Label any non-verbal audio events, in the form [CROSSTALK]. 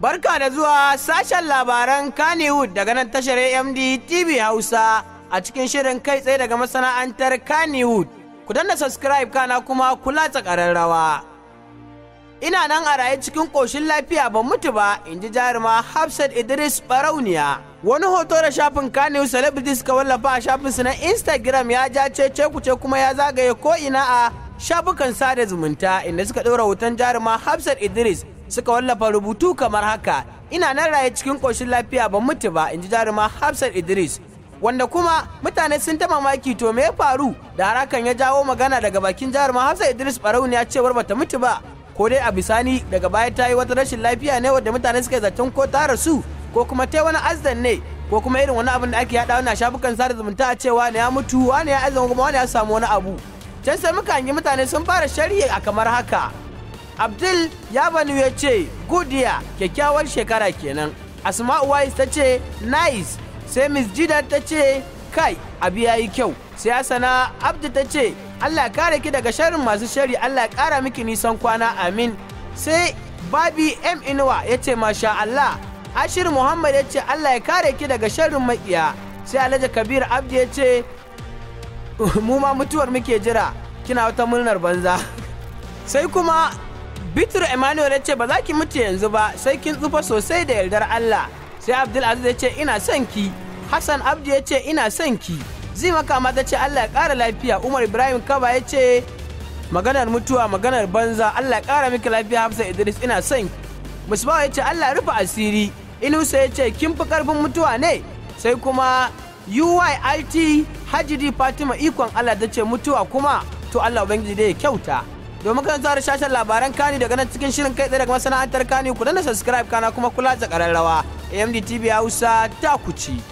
Barka da zuwa sashen labaran Kannywood daga nan tashar AMD TV Hausa a cikin shirin kai tsaye daga masana'antar Kannywood. Ku danna subscribe kana kuma kula tsakararrawa. Ina nan a raye cikin ƙoshin lafiya ban mutu ba, in ji jaruma Hafsat Idris Barauniya. Wani hoto da shafin Kannywood Celebrities ka wallafa a shafinsu na Instagram ya ja cece kuce kuma ya zagaye ko ina a shafukan sada zumunta inda suka ɗora hoton jaruma Hafsat Idris suka wallafa rubutu kamar haka ina nan raye cikin ƙoshin lafiya ban mutu ba in ji jaruma hafsat idris wanda kuma mutane sun ta mamaki to me ya faru da harakan ya jawo magana daga bakin jaruma hafsat idris ya cewar bata mutu ba ko dai a bisani daga baya ta yi wata rashin lafiya ne wadda mutane suka zaton ko ta rasu ko kuma ta wani azdan ne ko kuma irin wani abin da ake yaɗa wani shafukan sada zumunta a cewa ne ya mutu wani ya azan kuma wani ya samu wani abu can sai muka hangi mutane sun fara shari'a kamar haka abdul yabanu ya ce gudiya kyakkyawar shekara kenan asma'u wais ta ce nice sai miss Jida ta ce kai abu ya yi kyau sai na abdu ta ce allah kare ki daga sharrin masu shari allah kara miki nisan kwana amin sai babi m inuwa ya ce masha allah ashir muhammad ya ce allah ya kare ki daga sharrin maƙiya sai alhaji kabir abdu ya ce mu ma mutuwar muke jira kina wata murnar banza [LAUGHS] sai kuma Bitrus Emmanuel ya ce ba za ki mutu yanzu ba sai kin tsufa sosai da yardar Allah. Sai Abdul Aziz ya ce ina son ki. Hassan Abdu ya ce ina son ki. Zima ma ta ce Allah ya ƙara lafiya. Umar Ibrahim Kaba ya ce maganar mutuwa maganar banza Allah ya ƙara miki lafiya Hafsa Idris ina son ki. Musbawa ya ce Allah rufe asiri. Inusa ya ce kin fi karfin mutuwa ne. Sai kuma UYIT Hajidi Fatima ikon Allah ta ce mutuwa kuma to Allah Ubangiji dai ya kyauta. domin kan zuwa da shashen labaran kani daga nan cikin shirin kai tsaye daga masana'antar kani ku danna subscribe kana kuma kula da kararrawa amd tv hausa ta kuci.